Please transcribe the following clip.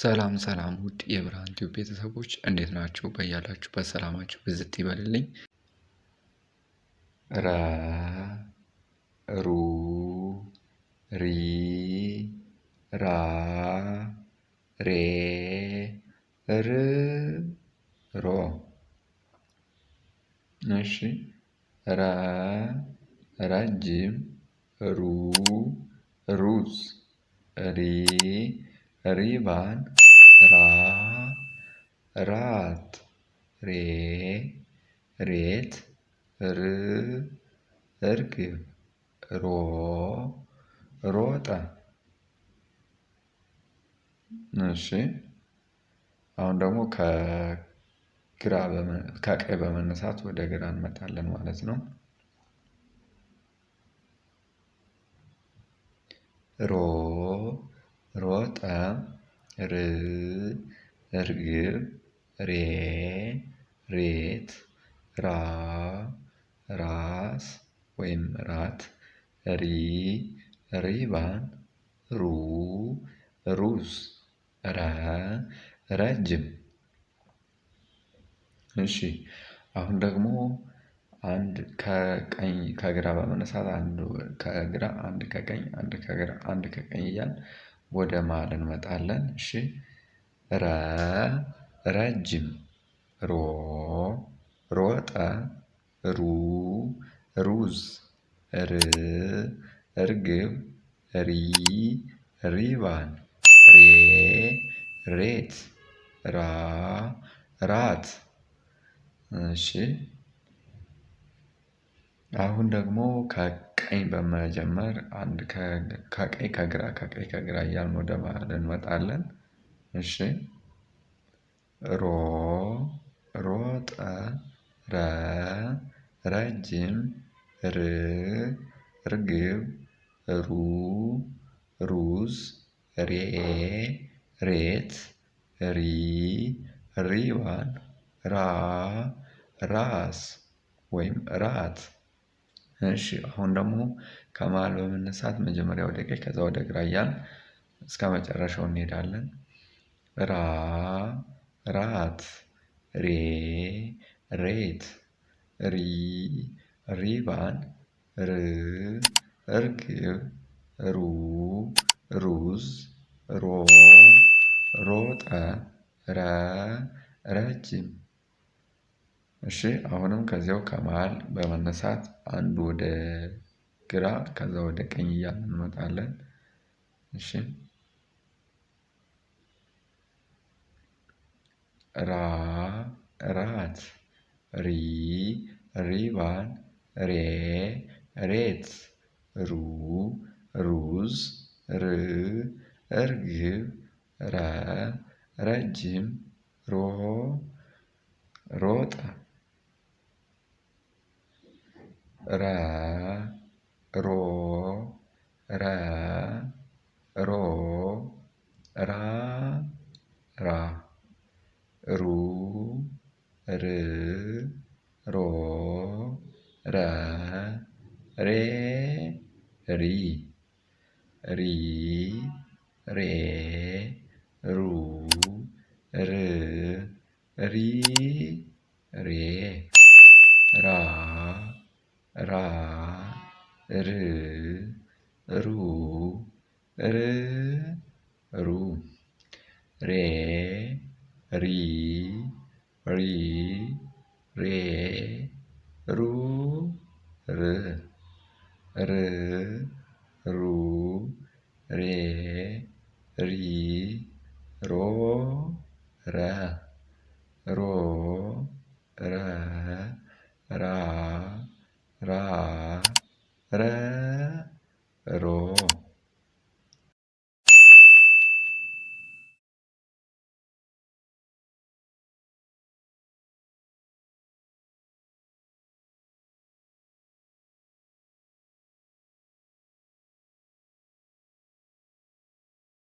ሰላም ሰላም ውድ የብርሃን ቲዩብ ቤተሰቦች እንዴት ናችሁ? በያላችሁበት በሰላማችሁ ብዝት ይበልልኝ። ረ ሩ ሪ ራ ሬ ር ሮ እሺ። ረ ረጅም ሩ ሩዝ ሪ ሪባን ራ ራት ሬ ሬት ር እርግብ ሮ ሮጠ። እሺ አሁን ደግሞ ከግራ በመነሳት ወደ ግራ እንመጣለን ማለት ነው። ሮ ሮጠ ር እርግብ ሬ ሬት ራ ራስ ወይም ራት ሪ ሪባን ሩ ሩዝ ረ ረጅም እሺ አሁን ደግሞ አንድ ከቀኝ ከግራ በመነሳት አንድ ከግራ አንድ ከቀኝ አንድ ከግራ አንድ ከቀኝ እያልን ወደ መሃል እንመጣለን እሺ ረ ረጅም ሮ ሮጠ ሩ ሩዝ ር እርግብ ሪ ሪባን ሬ ሬት ራ ራት እሺ አሁን ደግሞ ከ ከቀኝ በመጀመር አንድ ከቀኝ ከግራ ከቀኝ ከግራ እያልን ወደ መሃል እንመጣለን። እሺ ሮ ሮጠ ረ ረጅም ር ርግብ ሩ ሩዝ ሬ ሬት ሪ ሪዋን ራ ራስ ወይም ራት እሺ አሁን ደግሞ ከመሃል በመነሳት መጀመሪያ ወደ ቀኝ ከዛ ወደ ግራ እስከ መጨረሻው እንሄዳለን። ራ ራት ሬ ሬት ሪ ሪባን ር እርግብ ሩ ሩዝ ሮ ሮጠ ረ ረጅም እሺ አሁንም ከዚያው ከመሃል በመነሳት አንድ ወደ ግራ ከዛ ወደ ቀኝ እያልን እንመጣለን። እሺ ራ ራት ሪ ሪባን ሬ ሬት ሩ ሩዝ ር እርግብ ረ ረጅም ሮ ሮጠ ረ ሮ ረ ሮ ራ ራ ሩ ር ሮ ረ ሬ ሪ ሪ ሬ ሩ ር ሪ ሬ ራ ራ ር ሩ ር ሩ ሬ ሪ ሪ ሬ ሩ ር ር ሩ ሬ ሪ ሮ ረ ሮ ረ ራ ራ ረ ሮ